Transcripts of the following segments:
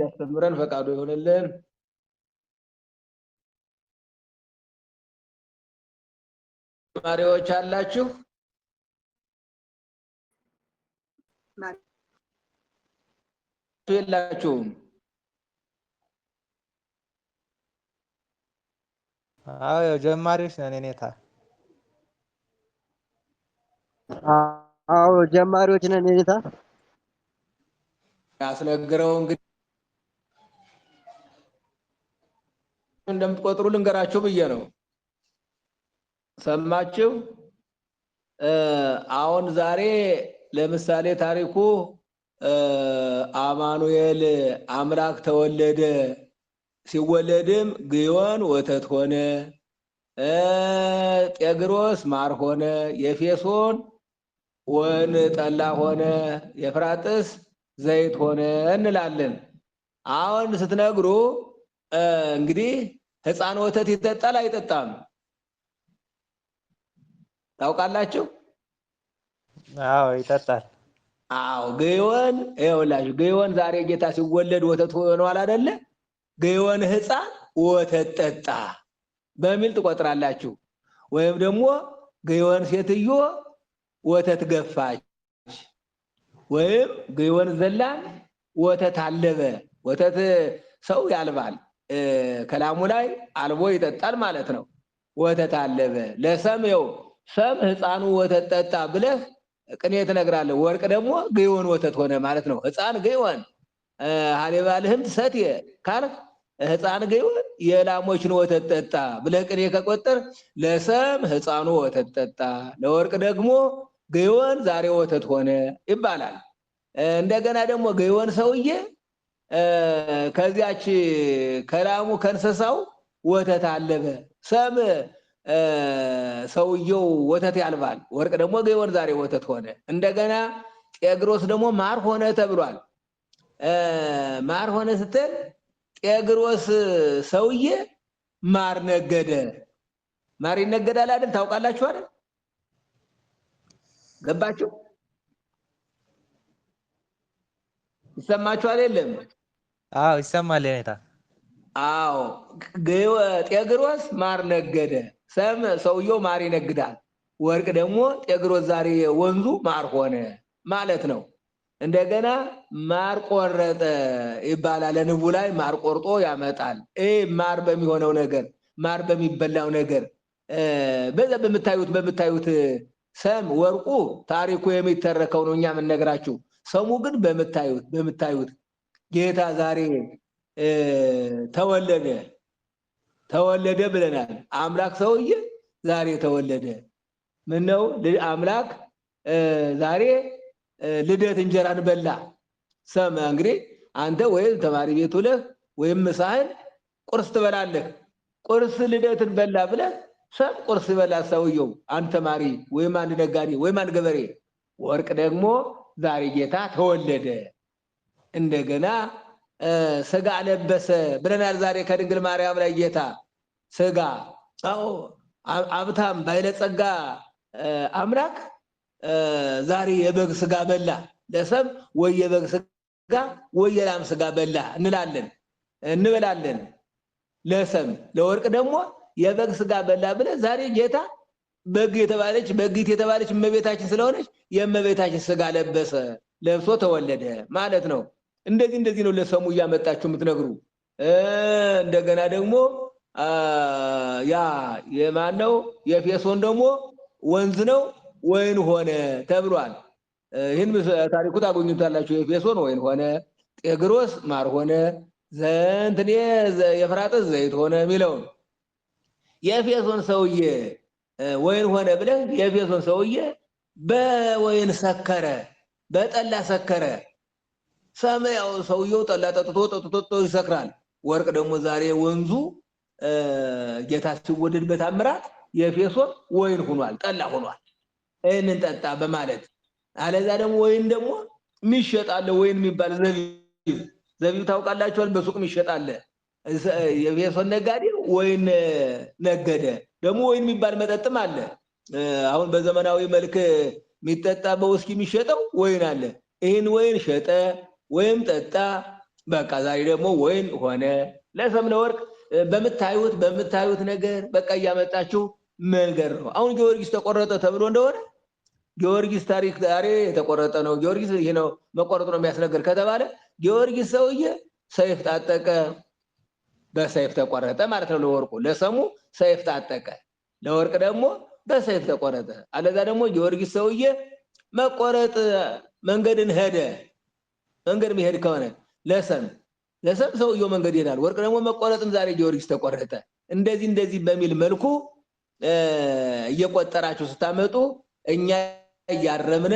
ያስተምረን ፈቃዱ ይሆንልን። ማሪዎች አላችሁ? የላችሁም? አዎ ጀማሪዎች ነን። እኔታ አዎ ጀማሪዎች ነን። እኔታ ያስነግረው እንግዲህ እንደምትቆጥሩ ልንገራችሁ ብዬ ነው። ሰማችሁ? አሁን ዛሬ ለምሳሌ ታሪኩ አማኑኤል አምላክ ተወለደ። ሲወለድም ግዮን ወተት ሆነ፣ ጤግሮስ ማር ሆነ፣ የፌሶን ወን ጠላ ሆነ፣ የፍራጥስ ዘይት ሆነ እንላለን። አሁን ስትነግሩ እንግዲህ ህፃን ወተት ይጠጣል አይጠጣም? ታውቃላችሁ? አዎ ይጠጣል። አዎ ግዮን ይኸውላችሁ፣ ግዮን ዛሬ ጌታ ሲወለድ ወተት ሆኗል አይደለ? ግዮን ህፃን ወተት ጠጣ በሚል ትቆጥራላችሁ። ወይም ደግሞ ግዮን ሴትዮ ወተት ገፋች፣ ወይም ግዮን ዘላን ወተት አለበ። ወተት ሰው ያልባል ከላሙ ላይ አልቦ ይጠጣል ማለት ነው። ወተት አለበ ለሰምየው ሰም ህፃኑ ወተት ጠጣ ብለህ ቅኔ ትነግራለህ። ወርቅ ደግሞ ገይወን ወተት ሆነ ማለት ነው። ህፃን ገይወን ሀሌባልህም ልህምት ሰትየ ካልክ ህፃን ገይወን የላሞችን ወተት ጠጣ ብለህ ቅኔ ከቆጠር ለሰም ህፃኑ ወተት ጠጣ፣ ለወርቅ ደግሞ ገይወን ዛሬ ወተት ሆነ ይባላል። እንደገና ደግሞ ገይወን ሰውዬ ከዚያች ከላሙ ከእንስሳው ወተት አለበ። ሰም ሰውየው ወተት ያልባል። ወርቅ ደግሞ ገይወር ዛሬ ወተት ሆነ። እንደገና ጤግሮስ ደግሞ ማር ሆነ ተብሏል። ማር ሆነ ስትል ጤግሮስ ሰውዬ ማር ነገደ። ማር ይነገዳል አይደል? ታውቃላችሁ አይደል? ገባችሁ? ይሰማችኋል? የለም? አዎ ይሰማል። ኔታ አዎ። ጤግሮስ ማር ነገደ። ሰም ሰውየው ማር ይነግዳል። ወርቅ ደግሞ ጤግሮስ ዛሬ ወንዙ ማር ሆነ ማለት ነው። እንደገና ማር ቆረጠ ይባላል። ለንቡ ላይ ማር ቆርጦ ያመጣል። ማር በሚሆነው ነገር ማር በሚበላው ነገር በዛ በምታዩት በምታዩት ሰም ወርቁ ታሪኩ የሚተረከው ነው። እኛ የምንነግራችሁ ሰሙ ግን በምታዩት በምታዩት ጌታ ዛሬ ተወለደ ተወለደ ብለናል። አምላክ ሰውዬ ዛሬ ተወለደ። ነው አምላክ ዛሬ ልደት እንጀራን በላ። ሰማ እንግዲህ አንተ ወይም ተማሪ ቤት ሁለህ ወይም ምሳህን ቁርስ ትበላለህ። ቁርስ ልደትን በላ ብለህ ሰም ቁርስ ይበላ ሰውየው አንድ ተማሪ ወይም አንድ ነጋዴ ወይም አንድ ገበሬ ወርቅ ደግሞ ዛሬ ጌታ ተወለደ፣ እንደገና ስጋ ለበሰ ብለናል። ዛሬ ከድንግል ማርያም ላይ ጌታ ስጋ አዎ አብታም ባይለጸጋ አምላክ ዛሬ የበግ ስጋ በላ። ለሰም ወይ የበግ ስጋ ወይ የላም ስጋ በላ እንላለን እንበላለን። ለሰም ለወርቅ ደግሞ የበግ ስጋ በላ ብለ ዛሬ ጌታ በግ የተባለች በግት የተባለች እመቤታችን ስለሆነች የእመቤታችን ስጋ ለበሰ ለብሶ ተወለደ ማለት ነው። እንደዚህ እንደዚህ ነው ለሰሙ እያመጣችሁ የምትነግሩ። እንደገና ደግሞ ያ የማን ነው የኤፌሶን ደግሞ ወንዝ ነው ወይን ሆነ ተብሏል። ይህን ታሪኩ ታገኙታላችሁ። የኤፌሶን ወይን ሆነ፣ ጤግሮስ ማር ሆነ፣ ዘንትኔ የፍራጥስ ዘይት ሆነ የሚለውን የኤፌሶን ሰውዬ ወይን ሆነ ብለህ የኤፌሶን ሰውዬ በወይን ሰከረ፣ በጠላ ሰከረ። ሰማያው ሰውየው ጠላ ጠጥቶ ጠጥቶ ይሰክራል። ወርቅ ደግሞ ዛሬ ወንዙ ጌታ ሲወደድ በታምራት የኤፌሶን ወይን ሆኗል፣ ጠላ ሆኗል። ይህንን ጠጣ በማለት አለዛ ደግሞ ወይን ደግሞ የሚሸጥ አለ። ወይን የሚባል ዘቢብ ዘቢብ ታውቃላችኋል። በሱቅ የሚሸጥ የኤፌሶን ነጋዴ ወይን ነገደ። ደግሞ ወይን የሚባል መጠጥም አለ። አሁን በዘመናዊ መልክ የሚጠጣ በውስኪ የሚሸጠው ወይን አለ። ይህን ወይን ሸጠ ወይም ጠጣ። በቃ ዛሬ ደግሞ ወይን ሆነ። ለሰም ለወርቅ በምታዩት በምታዩት ነገር በቃ እያመጣችሁ መንገድ ነው። አሁን ጊዮርጊስ ተቆረጠ ተብሎ እንደሆነ ጊዮርጊስ ታሪክ ዛሬ የተቆረጠ ነው። ጊዮርጊስ ይሄ ነው መቆረጡ ነው የሚያስነገር ከተባለ ጊዮርጊስ ሰውዬ ሰይፍ ታጠቀ፣ በሰይፍ ተቆረጠ ማለት ነው። ለወርቁ ለሰሙ ሰይፍ ታጠቀ፣ ለወርቅ ደግሞ በሰይፍ ተቆረጠ። አለዛ ደግሞ ጊዮርጊስ ሰውዬ መቆረጥ መንገድን ሄደ። መንገድ መሄድ ከሆነ ለሰም ለሰም ሰውየው መንገድ ይሄዳል። ወርቅ ደግሞ መቆረጥም ዛሬ ጊዮርጊስ ተቆረጠ። እንደዚህ እንደዚህ በሚል መልኩ እየቆጠራችሁ ስታመጡ እኛ እያረምነ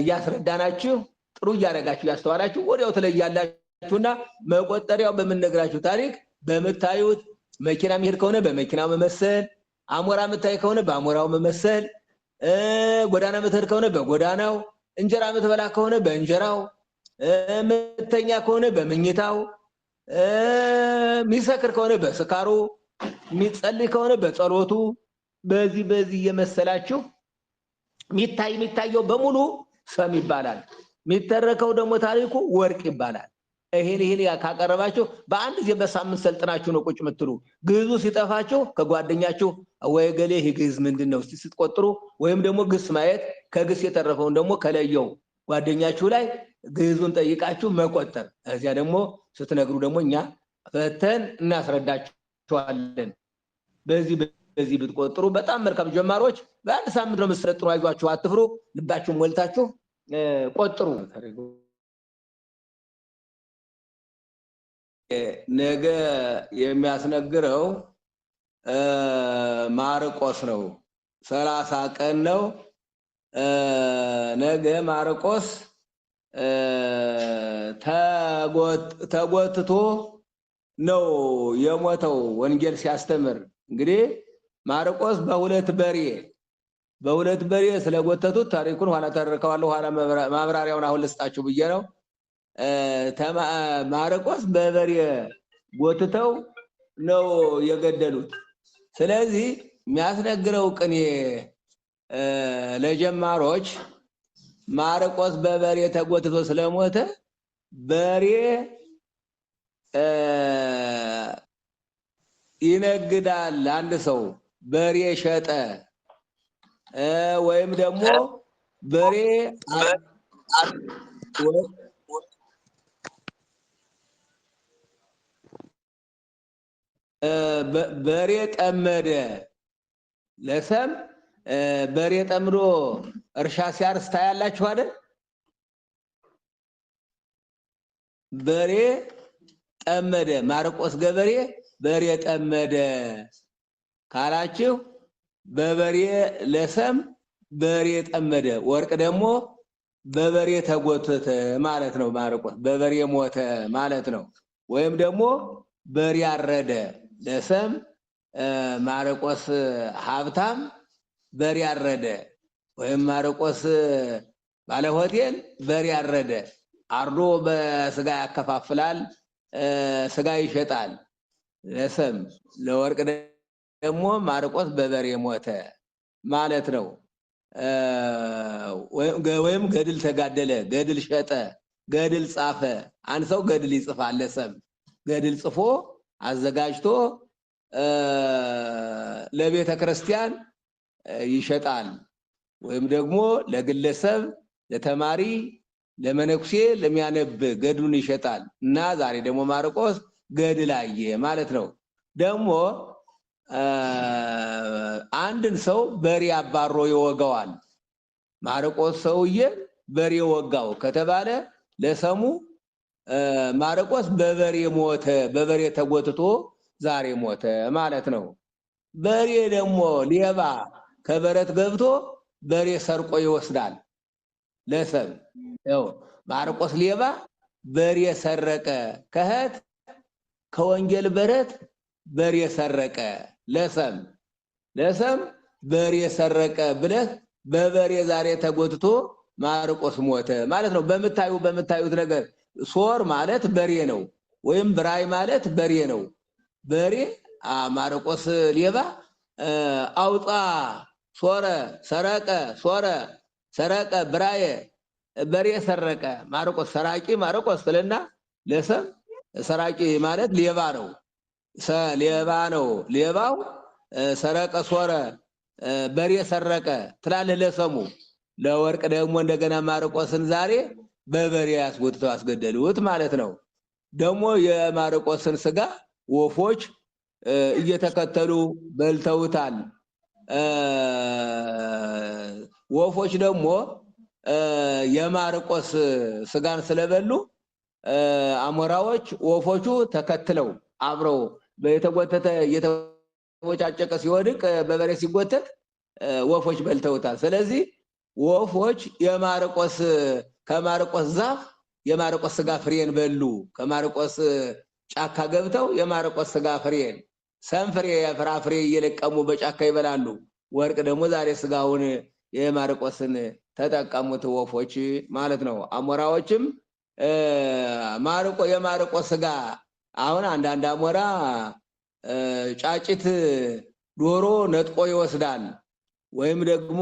እያስረዳናችሁ ጥሩ እያደረጋችሁ እያስተዋላችሁ ወዲያው ትለያላችሁና መቆጠሪያው በምንነግራችሁ ታሪክ በምታዩት መኪና መሄድ ከሆነ በመኪናው መመሰል አሞራ የምታይ ከሆነ በአሞራው መመሰል፣ ጎዳና ምትሄድ ከሆነ በጎዳናው፣ እንጀራ ምትበላ ከሆነ በእንጀራው፣ ምተኛ ከሆነ በመኝታው፣ የሚሰክር ከሆነ በስካሩ፣ የሚጸልይ ከሆነ በጸሎቱ። በዚህ በዚህ እየመሰላችሁ ሚታይ የሚታየው በሙሉ ሰም ይባላል። የሚተረከው ደግሞ ታሪኩ ወርቅ ይባላል። ይሄን ይሄን ካቀረባችሁ በአንድ ጊዜ በሳምንት ሰልጥናችሁ ነው ቁጭ የምትሉ። ግዙ ሲጠፋችሁ ከጓደኛችሁ ወይ ገሌ ይህ ግዕዝ ምንድን ነው ስትቆጥሩ ወይም ደግሞ ግስ ማየት ከግስ የተረፈውን ደግሞ ከለየው ጓደኛችሁ ላይ ግዕዙን ጠይቃችሁ መቆጠር። እዚያ ደግሞ ስትነግሩ ደግሞ እኛ ፈተን እናስረዳችኋለን። በዚህ በዚህ ብትቆጥሩ በጣም መልካም ጀማሮች በአንድ ሳምንት ነው የምትሰለጥኑ። አይዟችሁ፣ አትፍሩ። ልባችሁን ሞልታችሁ ቆጥሩ። ነገ የሚያስነግረው ማርቆስ ነው። ሰላሳ ቀን ነው። ነገ ማርቆስ ተጎትቶ ነው የሞተው ወንጌል ሲያስተምር። እንግዲህ ማርቆስ በሁለት በሬ በሁለት በሬ ስለጎተቱት ታሪኩን ኋላ ተርከዋለሁ። ኋላ ማብራሪያውን አሁን ልስጣችሁ ብዬ ነው። ማርቆስ በበሬ ጎትተው ነው የገደሉት። ስለዚህ የሚያስነግረው ቅኔ ለጀማሮች ማርቆስ በበሬ ተጎትቶ ስለሞተ በሬ ይነግዳል። አንድ ሰው በሬ ሸጠ ወይም ደግሞ በሬ በሬ ጠመደ ለሰም በሬ ጠምዶ እርሻ ሲያርስ ታያላችሁ አይደል? በሬ ጠመደ ማርቆስ ገበሬ በሬ ጠመደ ካላችሁ በበሬ ለሰም በሬ ጠመደ፣ ወርቅ ደግሞ በበሬ ተጎተተ ማለት ነው። ማርቆስ በበሬ ሞተ ማለት ነው። ወይም ደግሞ በሬ አረደ ለሰም ማረቆስ ሀብታም በሬ አረደ፣ ወይም ማረቆስ ባለሆቴል በሬ አረደ። አርዶ በስጋ ያከፋፍላል፣ ስጋ ይሸጣል። ለሰም ለወርቅ ደግሞ ማርቆስ በበሬ ሞተ ማለት ነው። ወይም ገድል ተጋደለ፣ ገድል ሸጠ፣ ገድል ጻፈ። አንድ ሰው ገድል ይጽፋል። ለሰም ገድል ጽፎ አዘጋጅቶ ለቤተ ክርስቲያን ይሸጣል ወይም ደግሞ ለግለሰብ፣ ለተማሪ፣ ለመነኩሴ ለሚያነብ ገድሉን ይሸጣል እና ዛሬ ደግሞ ማርቆስ ገድል አየ ማለት ነው። ደግሞ አንድን ሰው በሬ አባሮ ይወጋዋል። ማርቆስ ሰውዬ በሬ ወጋው ከተባለ ለሰሙ ማርቆስ በበሬ ሞተ፣ በበሬ ተጎትቶ ዛሬ ሞተ ማለት ነው። በሬ ደግሞ ሌባ ከበረት ገብቶ በሬ ሰርቆ ይወስዳል ለሰብ ው ማርቆስ ሌባ በሬ ሰረቀ፣ ከህት ከወንጌል በረት በሬ ሰረቀ ለሰም ለሰም በሬ ሰረቀ ብለህ በበሬ ዛሬ ተጎትቶ ማርቆስ ሞተ ማለት ነው። በምታዩ በምታዩት ነገር ሶር ማለት በሬ ነው፣ ወይም ብራይ ማለት በሬ ነው። በሬ ማረቆስ ሌባ አውጣ ሶረ ሰረቀ ሶረ ሰረቀ ብራየ በሬ ሰረቀ ማረቆስ ሰራቂ ማረቆስ ስለና ለሰብ ሰራቂ ማለት ሌባ ነው። ሌባ ነው። ሌባው ሰረቀ ሶረ በሬ ሰረቀ ትላለህ ለሰሙ ለወርቅ ደግሞ እንደገና ማረቆስን ዛሬ በበሬ አስጎትተው አስገደሉት ማለት ነው። ደግሞ የማርቆስን ስጋ ወፎች እየተከተሉ በልተውታል። ወፎች ደግሞ የማርቆስ ስጋን ስለበሉ አሞራዎች ወፎቹ ተከትለው አብረው የተጎተተ የተቦጫጨቀ ሲወድቅ በበሬ ሲጎተት ወፎች በልተውታል። ስለዚህ ወፎች የማርቆስ ከማርቆስ ዛፍ የማርቆስ ስጋ ፍሬን በሉ። ከማርቆስ ጫካ ገብተው የማርቆስ ስጋ ፍሬን ሰንፍሬ ፍራፍሬ እየለቀሙ በጫካ ይበላሉ። ወርቅ ደግሞ ዛሬ ስጋውን የማርቆስን ተጠቀሙት ወፎች ማለት ነው። አሞራዎችም ማርቆ የማርቆ ስጋ አሁን አንዳንድ አሞራ ጫጭት ዶሮ ነጥቆ ይወስዳል። ወይም ደግሞ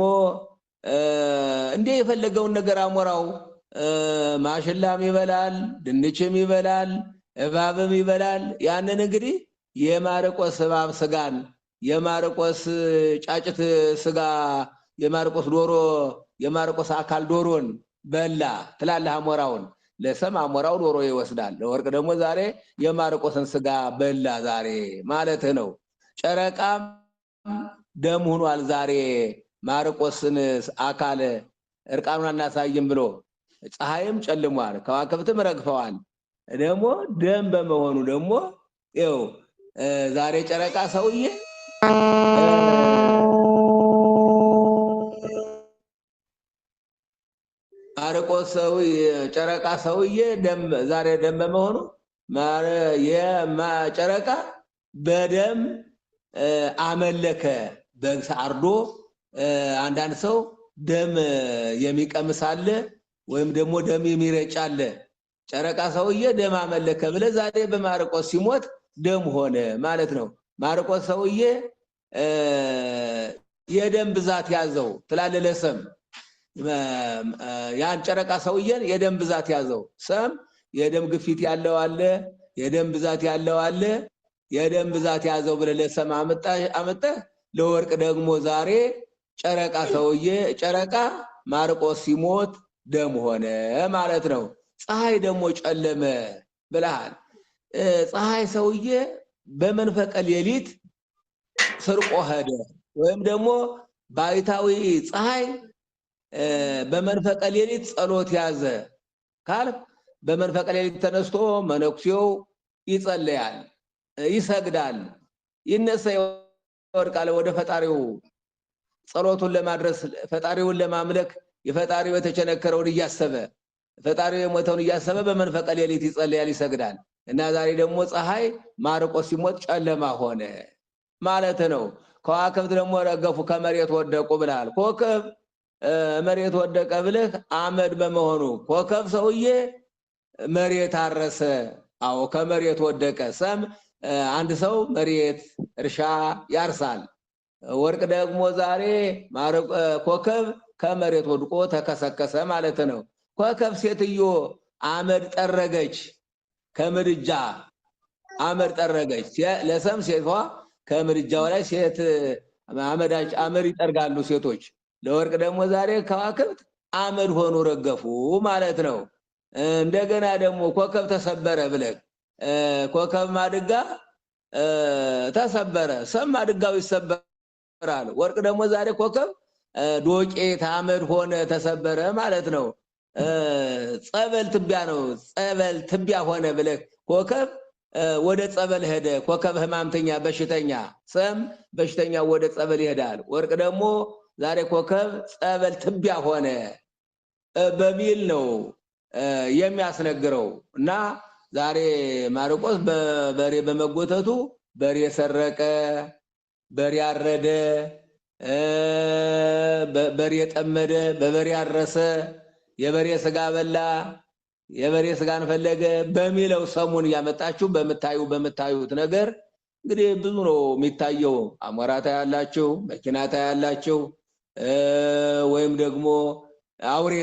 እንዲህ የፈለገውን ነገር አሞራው ማሽላም ይበላል፣ ድንችም ይበላል፣ እባብም ይበላል። ያንን እንግዲህ የማርቆስ እባብ ስጋን የማርቆስ ጫጭት ስጋ የማርቆስ ዶሮ የማርቆስ አካል ዶሮን በላ ትላለህ አሞራውን ለሰም አሞራው ዶሮ ይወስዳል፣ ለወርቅ ደግሞ ዛሬ የማርቆስን ስጋ በላ ዛሬ ማለት ነው። ጨረቃም ደም ሆኗል ዛሬ ማርቆስን አካል እርቃኑን አናሳይም ብሎ ፀሐይም ጨልሟል፣ ከዋክብትም ረግፈዋል። ደግሞ ደም በመሆኑ ደግሞ ይኸው ዛሬ ጨረቃ ሰውዬ አርቆ ሰው ጨረቃ ሰውዬ ዛሬ ደም በመሆኑ የጨረቃ በደም አመለከ በግስ አርዶ አንዳንድ ሰው ደም የሚቀምሳለ ወይም ደግሞ ደም የሚረጭ አለ። ጨረቃ ሰውዬ ደም አመለከ ብለ ዛሬ በማርቆስ ሲሞት ደም ሆነ ማለት ነው። ማርቆስ ሰውዬ የደም ብዛት ያዘው ትላለለ ሰም ያን ጨረቃ ሰውዬን የደም ብዛት ያዘው። ሰም የደም ግፊት ያለው አለ፣ የደም ብዛት ያለው አለ። የደም ብዛት ያዘው ብለ ለሰም አመጠ። ለወርቅ ደግሞ ዛሬ ጨረቃ ሰውዬ ጨረቃ ማርቆስ ሲሞት ደም ሆነ ማለት ነው። ፀሐይ ደግሞ ጨለመ ብለሃል። ፀሐይ ሰውዬ በመንፈቀ ሌሊት ስርቆ ሄደ ወይም ደግሞ ባይታዊ ፀሐይ በመንፈቀ ሌሊት ጸሎት ያዘ ካል በመንፈቀ ሌሊት ተነስቶ መነኩሴው ይጸለያል፣ ይሰግዳል፣ ይነሳ፣ ይወድቃል ወደ ፈጣሪው ጸሎቱን ለማድረስ ፈጣሪውን ለማምለክ የፈጣሪ የተቸነከረውን እያሰበ ፈጣሪ የሞተውን እያሰበ በመንፈቀ ሌሊት ይጸልያል፣ ይሰግዳል። እና ዛሬ ደግሞ ፀሐይ ማርቆስ ሲሞት ጨለማ ሆነ ማለት ነው። ከዋክብት ደግሞ ረገፉ፣ ከመሬት ወደቁ ብላል። ኮከብ መሬት ወደቀ ብልህ አመድ በመሆኑ ኮከብ ሰውዬ መሬት አረሰ። አዎ ከመሬት ወደቀ። ሰም አንድ ሰው መሬት እርሻ ያርሳል። ወርቅ ደግሞ ዛሬ ኮከብ ከመሬት ወድቆ ተከሰከሰ ማለት ነው። ኮከብ ሴትዮ አመድ ጠረገች፣ ከምድጃ አመድ ጠረገች። ለሰም ሴቷ ከምድጃው ላይ ሴት አመዳች አመድ ይጠርጋሉ ሴቶች። ለወርቅ ደግሞ ዛሬ ከዋክብት አመድ ሆኑ ረገፉ ማለት ነው። እንደገና ደግሞ ኮከብ ተሰበረ ብለ ኮከብ ማድጋ ተሰበረ፣ ሰም ማድጋው ይሰበራል። ወርቅ ደግሞ ዛሬ ኮከብ ዶቄት አመድ ሆነ ተሰበረ ማለት ነው። ጸበል ትቢያ ነው። ጸበል ትቢያ ሆነ ብለህ ኮከብ ወደ ጸበል ሄደ። ኮከብ ህማምተኛ፣ በሽተኛ ሰም በሽተኛ ወደ ጸበል ይሄዳል። ወርቅ ደግሞ ዛሬ ኮከብ ጸበል ትቢያ ሆነ በሚል ነው የሚያስነግረው እና ዛሬ ማርቆስ በበሬ በመጎተቱ በሬ ሰረቀ፣ በሬ አረደ በሬ የጠመደ፣ በበሬ ያረሰ፣ የበሬ ስጋ በላ፣ የበሬ ስጋን ፈለገ በሚለው ሰሙን እያመጣችሁ በምታዩ በምታዩት ነገር እንግዲህ ብዙ ነው የሚታየው። አሞራታ ያላችሁ መኪናታ ያላችው ወይም ደግሞ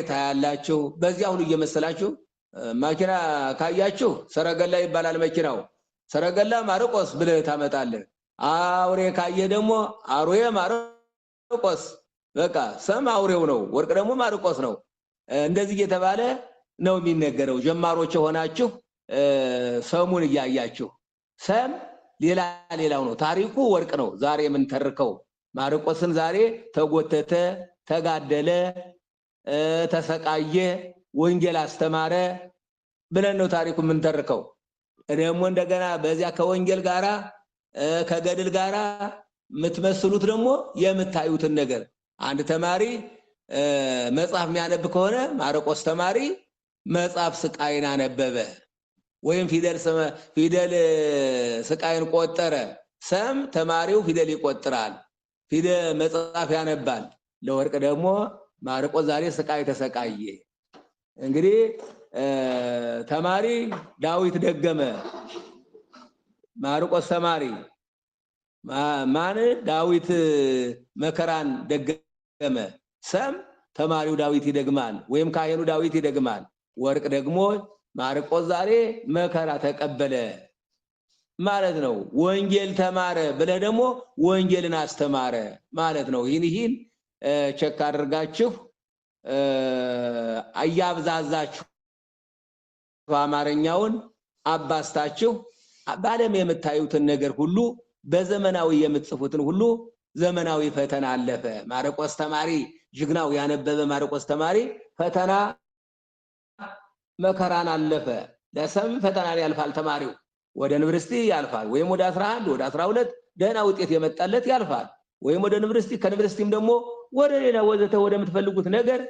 ታ ያላችው በዚያ ሁሉ እየመሰላችሁ መኪና ካያችሁ ሰረገላ ይባላል መኪናው። ሰረገላ ማርቆስ ብለህ ታመጣለህ። አውሬ ካየ ደግሞ አሮየ ማርቆስ ማርቆስ በቃ ሰም አውሬው ነው፣ ወርቅ ደግሞ ማርቆስ ነው። እንደዚህ እየተባለ ነው የሚነገረው። ጀማሮች የሆናችሁ ሰሙን እያያችሁ ሰም ሌላ ሌላው ነው። ታሪኩ ወርቅ ነው። ዛሬ የምንተርከው ማርቆስን ዛሬ ተጎተተ፣ ተጋደለ፣ ተሰቃየ፣ ወንጌል አስተማረ ብለን ነው ታሪኩ የምንተርከው። ደግሞ እንደገና በዚያ ከወንጌል ጋራ ከገድል ጋራ የምትመስሉት ደግሞ የምታዩትን ነገር። አንድ ተማሪ መጽሐፍ የሚያነብ ከሆነ ማርቆስ ተማሪ መጽሐፍ ስቃይን አነበበ ወይም ፊደል ስቃይን ቆጠረ። ሰም ተማሪው ፊደል ይቆጥራል፣ መጽሐፍ ያነባል። ለወርቅ ደግሞ ማርቆስ ዛሬ ስቃይ ተሰቃየ። እንግዲህ ተማሪ ዳዊት ደገመ፣ ማርቆስ ተማሪ ማን ዳዊት መከራን ደገመ? ሰም ተማሪው ዳዊት ይደግማል፣ ወይም ካህኑ ዳዊት ይደግማል። ወርቅ ደግሞ ማርቆ ዛሬ መከራ ተቀበለ ማለት ነው። ወንጌል ተማረ ብለ ደግሞ ወንጌልን አስተማረ ማለት ነው። ይህን ይህን ቸክ አድርጋችሁ እያብዛዛችሁ አማርኛውን አባስታችሁ በዓለም የምታዩትን ነገር ሁሉ በዘመናዊ የምትጽፉትን ሁሉ ዘመናዊ ፈተና አለፈ። ማረቆስ ተማሪ ጅግናው ያነበበ ማረቆስ ተማሪ ፈተና መከራን አለፈ። ለሰም ፈተናን ያልፋል ተማሪው ወደ ዩኒቨርሲቲ ያልፋል፣ ወይም ወደ 11 ወደ 12 ደህና ውጤት የመጣለት ያልፋል፣ ወይም ወደ ዩኒቨርሲቲ ከዩኒቨርሲቲም ደግሞ ወደ ሌላ ወዘተ ወደ የምትፈልጉት ነገር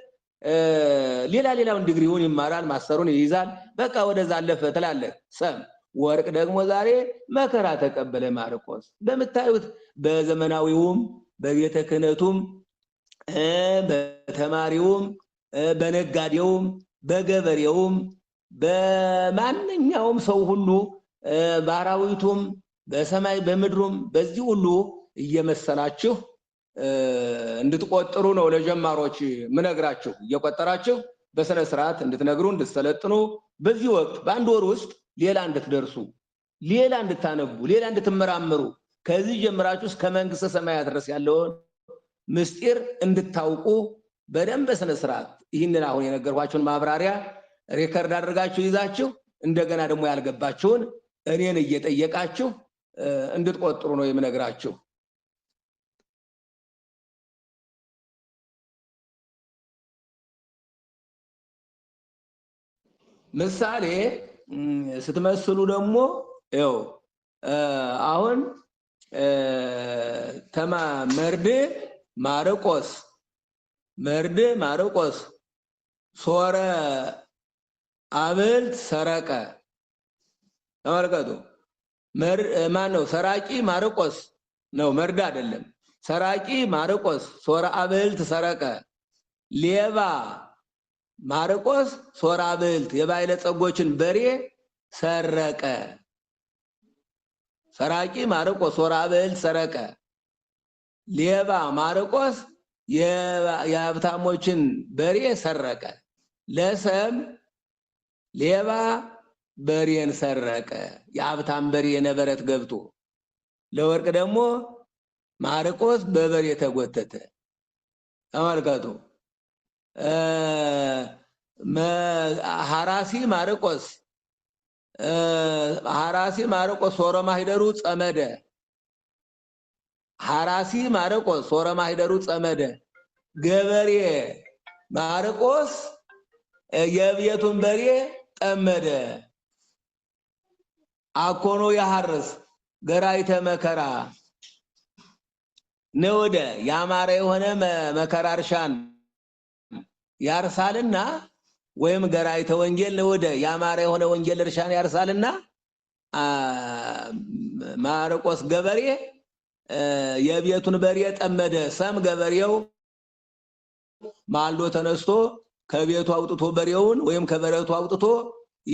ሌላ ሌላውን ዲግሪውን ይማራል፣ ማስተሩን ይይዛል። በቃ ወደዛ አለፈ ትላለህ ሰም ወርቅ ደግሞ ዛሬ መከራ ተቀበለ ማርቆስ። በምታዩት በዘመናዊውም በቤተ ክህነቱም በተማሪውም በነጋዴውም በገበሬውም በማንኛውም ሰው ሁሉ በአራዊቱም በሰማይ በምድሩም በዚህ ሁሉ እየመሰላችሁ እንድትቆጥሩ ነው ለጀማሮች ምነግራችሁ እየቆጠራችሁ በስነ ስርዓት እንድትነግሩ እንድትሰለጥኑ፣ በዚህ ወቅት በአንድ ወር ውስጥ ሌላ እንድትደርሱ፣ ሌላ እንድታነቡ፣ ሌላ እንድትመራመሩ ከዚህ ጀምራችሁ እስከ መንግስተ ሰማያት ድረስ ያለውን ምስጢር እንድታውቁ በደንብ በስነ ስርዓት ይህንን አሁን የነገርኳችሁን ማብራሪያ ሬከርድ አድርጋችሁ ይዛችሁ እንደገና ደግሞ ያልገባችሁን እኔን እየጠየቃችሁ እንድትቆጥሩ ነው የምነግራችሁ። ምሳሌ ስትመስሉ ደግሞ ው አሁን ተማ መርድ ማርቆስ መርድ ማርቆስ ሶረ አብልት ሰረቀ። ተመልከቱ። ማን ነው ሰራቂ? ማርቆስ ነው፣ መርድ አይደለም። ሰራቂ ማርቆስ ሶረ አብልት ሰረቀ ሌባ ማርቆስ ሶራብልት ጸጎችን በሬ ሰረቀ። ሰራቂ ማርቆስ ሶራብልት ሰረቀ። ሌባ ማርቆስ የሀብታሞችን በሬ ሰረቀ። ለሰም ሌባ በሬን ሰረቀ፣ የሀብታም በሬ ነበረት ገብቶ። ለወርቅ ደግሞ ማርቆስ በበሬ ተጎተተ። ተመልከቱ። ሐራሲ ማርቆስ ሐራሲ ማርቆስ ሶረማ ሂደሩ ጸመደ ሐራሲ ማርቆስ ሶረማ ሂደሩ ጸመደ ገበሬ ማርቆስ የብየቱን በሬ ጠመደ አኮኖ ያሐርስ ገራይተ መከራ ነወደ ያማረ የሆነ መከራ እርሻን ያርሳልና ወይም ገራይተ ወንጌል ለወደ ያማረ የሆነ ወንጌል እርሻን ያርሳልና ማርቆስ ገበሬ የቤቱን በሬ ጠመደ። ሰም ገበሬው ማልዶ ተነስቶ ከቤቱ አውጥቶ በሬውን ወይም ከበሬቱ አውጥቶ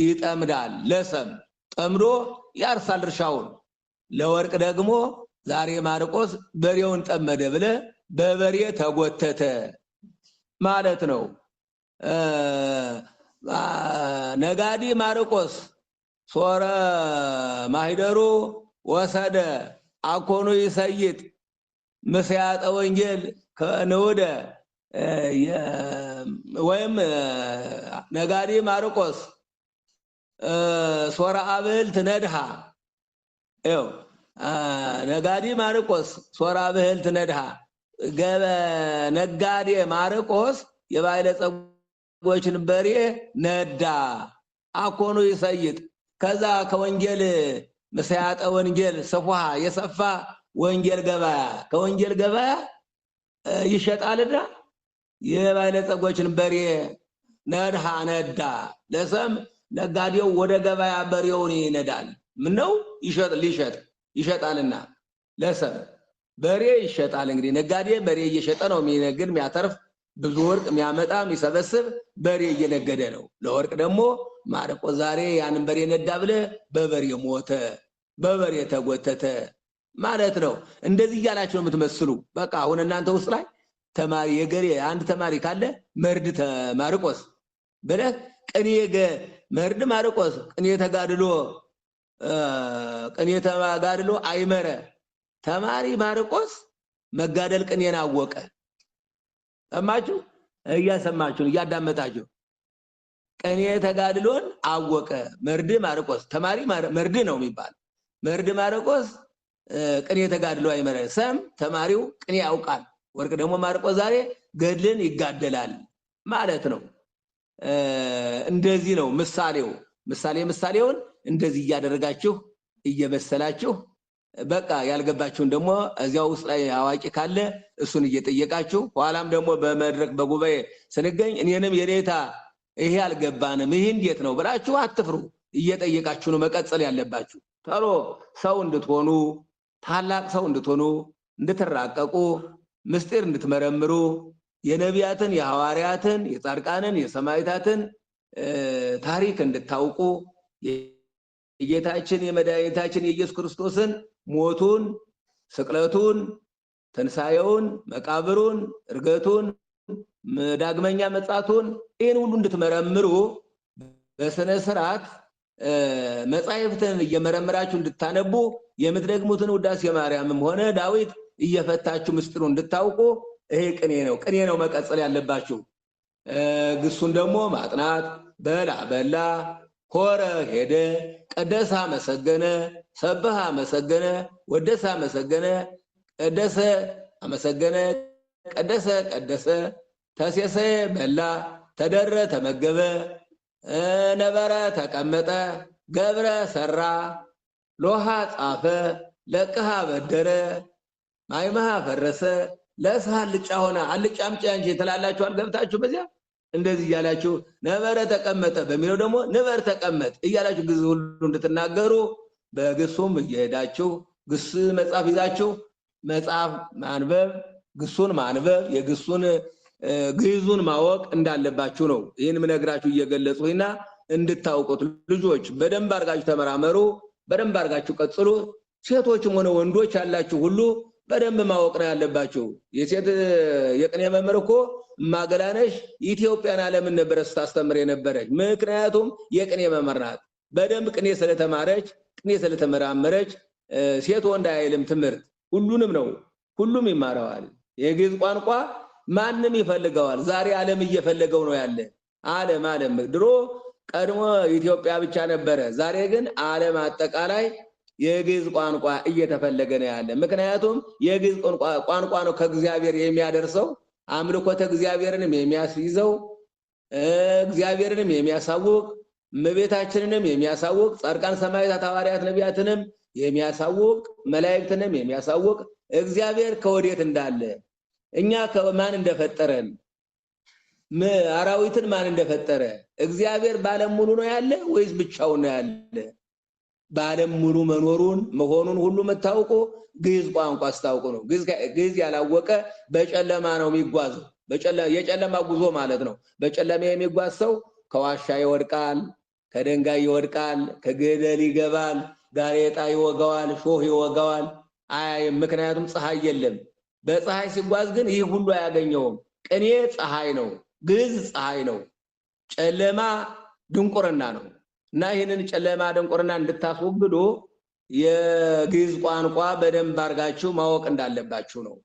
ይጠምዳል። ለሰም ጠምዶ ያርሳል እርሻውን። ለወርቅ ደግሞ ዛሬ ማርቆስ በሬውን ጠመደ ብለ በበሬ ተጎተተ ማለት ነው። ነጋዲ ማርቆስ ሶረ ማሂደሩ ወሰደ አኮኑ ይሰይጥ ምስያጠ ወንጌል ከንውደ ወይም ነጋዲ ማርቆስ ሶረ አብህል ትነድሃ ው ነጋዲ ማርቆስ ሶረ አብህል ነድሃ ነጋዴ ማርቆስ ጸጎችን በሬ ነዳ። አኮኑ ይሰይጥ ከዛ ከወንጌል መስያጠ ወንጌል ሰፉሃ የሰፋ ወንጌል ገበያ ከወንጌል ገበያ ይሸጣልና ጸጎችን በሬ ነድሃ ነዳ። ለሰም ነጋዴው ወደ ገበያ በሬውን ይነዳል። ምነው ይሸጥ ሊሸጥ ይሸጣልና ለሰም በሬ ይሸጣል። እንግዲህ ነጋዴ በሬ እየሸጠ ነው የሚነግድ የሚያተርፍ ብዙ ወርቅ የሚያመጣ የሚሰበስብ በሬ እየነገደ ነው። ለወርቅ ደግሞ ማርቆ ዛሬ ያንን በሬ ነዳ ብለ በበሬ ሞተ፣ በበሬ ተጎተተ ማለት ነው። እንደዚህ እያላችሁ ነው የምትመስሉ። በቃ አሁን እናንተ ውስጥ ላይ ተማሪ የገሬ አንድ ተማሪ ካለ መርድ ተማርቆስ ብለህ ቅኔ መርድ ማርቆስ ቅኔ ተጋድሎ ቅኔ ተጋድሎ አይመረ ተማሪ ማርቆስ መጋደል ቅኔን አወቀ። ሰማችሁ? እያሰማችሁ እያዳመጣችሁ ቅኔ ተጋድሎን አወቀ። መርድ ማርቆስ ተማሪ መርድ ነው የሚባል መርድ ማርቆስ ቅኔ ተጋድሎ አይመረ ሰም ተማሪው ቅኔ ያውቃል። ወርቅ ደግሞ ማርቆስ ዛሬ ገድልን ይጋደላል ማለት ነው። እንደዚህ ነው ምሳሌው። ምሳሌ ምሳሌውን እንደዚህ እያደረጋችሁ እየመሰላችሁ በቃ ያልገባችሁን ደግሞ እዚያው ውስጥ ላይ አዋቂ ካለ እሱን እየጠየቃችሁ ኋላም ደግሞ በመድረክ በጉባኤ ስንገኝ እኔንም የኔታ ይሄ አልገባንም ይሄ እንዴት ነው ብላችሁ አትፍሩ። እየጠየቃችሁ ነው መቀጠል ያለባችሁ። ቶሎ ሰው እንድትሆኑ ታላቅ ሰው እንድትሆኑ እንድትራቀቁ ምስጢር እንድትመረምሩ የነቢያትን፣ የሐዋርያትን፣ የጻድቃንን፣ የሰማዕታትን ታሪክ እንድታውቁ የጌታችን የመድኃኒታችን የኢየሱስ ክርስቶስን ሞቱን፣ ስቅለቱን፣ ትንሣኤውን፣ መቃብሩን፣ እርገቱን፣ ዳግመኛ መጻቱን ይህን ሁሉ እንድትመረምሩ በስነ ስርዓት መጻሕፍትን እየመረመራችሁ እንድታነቡ የምትደግሙትን ውዳሴ ማርያምም ሆነ ዳዊት እየፈታችሁ ምስጢሩ እንድታውቁ ይሄ ቅኔ ነው። ቅኔ ነው መቀጸል ያለባችሁ። ግሱን ደግሞ ማጥናት በላ በላ፣ ኮረ ሄደ ቀደሰ አመሰገነ፣ ሰብሐ አመሰገነ፣ ወደሰ አመሰገነ፣ ቀደሰ አመሰገነ፣ ቀደሰ ቀደሰ፣ ተሴሰ በላ፣ ተደረ ተመገበ፣ ነበረ ተቀመጠ፣ ገብረ ሰራ፣ ሎሃ ጻፈ፣ ለቅሃ በደረ፣ ማይመሃ ፈረሰ፣ ለእስህ አልጫ ሆነ። አልጫ አምጪ አንቺ ትላላችኋል ገብታችሁ በዚያ እንደዚህ እያላችሁ ነበረ ተቀመጠ በሚለው ደግሞ ንበር ተቀመጥ እያላችሁ ግዝ ሁሉ እንድትናገሩ በግሱም እየሄዳችሁ ግስ መጽሐፍ ይዛችሁ መጽሐፍ ማንበብ ግሱን ማንበብ የግሱን ግዕዙን ማወቅ እንዳለባችሁ ነው። ይህን ምነግራችሁ ና እንድታውቁት ልጆች በደንብ አርጋችሁ ተመራመሩ፣ በደንብ አርጋችሁ ቀጥሉ። ሴቶችም ሆነ ወንዶች ያላችሁ ሁሉ በደንብ ማወቅ ነው ያለባችሁ። የሴት የቅኔ መምህር እኮ ማገላነሽ ኢትዮጵያን ዓለምን ነበረ ስታስተምር የነበረች። ምክንያቱም የቅኔ መምህር ናት። በደንብ ቅኔ ስለተማረች ቅኔ ስለተመራመረች ሴት ወንድ አይልም። ትምህርት ሁሉንም ነው፣ ሁሉም ይማረዋል። የግዕዝ ቋንቋ ማንም ይፈልገዋል። ዛሬ ዓለም እየፈለገው ነው ያለ ዓለም ዓለም ድሮ ቀድሞ ኢትዮጵያ ብቻ ነበረ። ዛሬ ግን ዓለም አጠቃላይ የግዕዝ ቋንቋ እየተፈለገ ነው ያለ። ምክንያቱም የግዕዝ ቋንቋ ነው ከእግዚአብሔር የሚያደርሰው አምልኮተ እግዚአብሔርንም የሚያስይዘው እግዚአብሔርንም የሚያሳውቅ እመቤታችንንም የሚያሳውቅ ጻድቃን፣ ሰማዕታት፣ ሐዋርያት ነቢያትንም የሚያሳውቅ መላእክትንም የሚያሳውቅ እግዚአብሔር ከወዴት እንዳለ እኛ ከማን እንደፈጠረን አራዊትን ማን እንደፈጠረ እግዚአብሔር ባለሙሉ ነው ያለ ወይስ ብቻው ነው ያለ? በዓለም ሙሉ መኖሩን መሆኑን ሁሉ የምታውቁ ግዕዝ ቋንቋ ስታውቁ ነው። ግዕዝ ያላወቀ በጨለማ ነው የሚጓዘው። የጨለማ ጉዞ ማለት ነው። በጨለማ የሚጓዝ ሰው ከዋሻ ይወድቃል፣ ከደንጋይ ይወድቃል፣ ከገደል ይገባል፣ ጋሬጣ ይወጋዋል፣ ሾህ ይወጋዋል። አይ ምክንያቱም ፀሐይ የለም። በፀሐይ ሲጓዝ ግን ይህ ሁሉ አያገኘውም። ቅኔ ፀሐይ ነው፣ ግዕዝ ፀሐይ ነው፣ ጨለማ ድንቁርና ነው። እና ይህንን ጨለማ ደንቆርና እንድታስወግዱ የግዕዝ ቋንቋ በደንብ አድርጋችሁ ማወቅ እንዳለባችሁ ነው።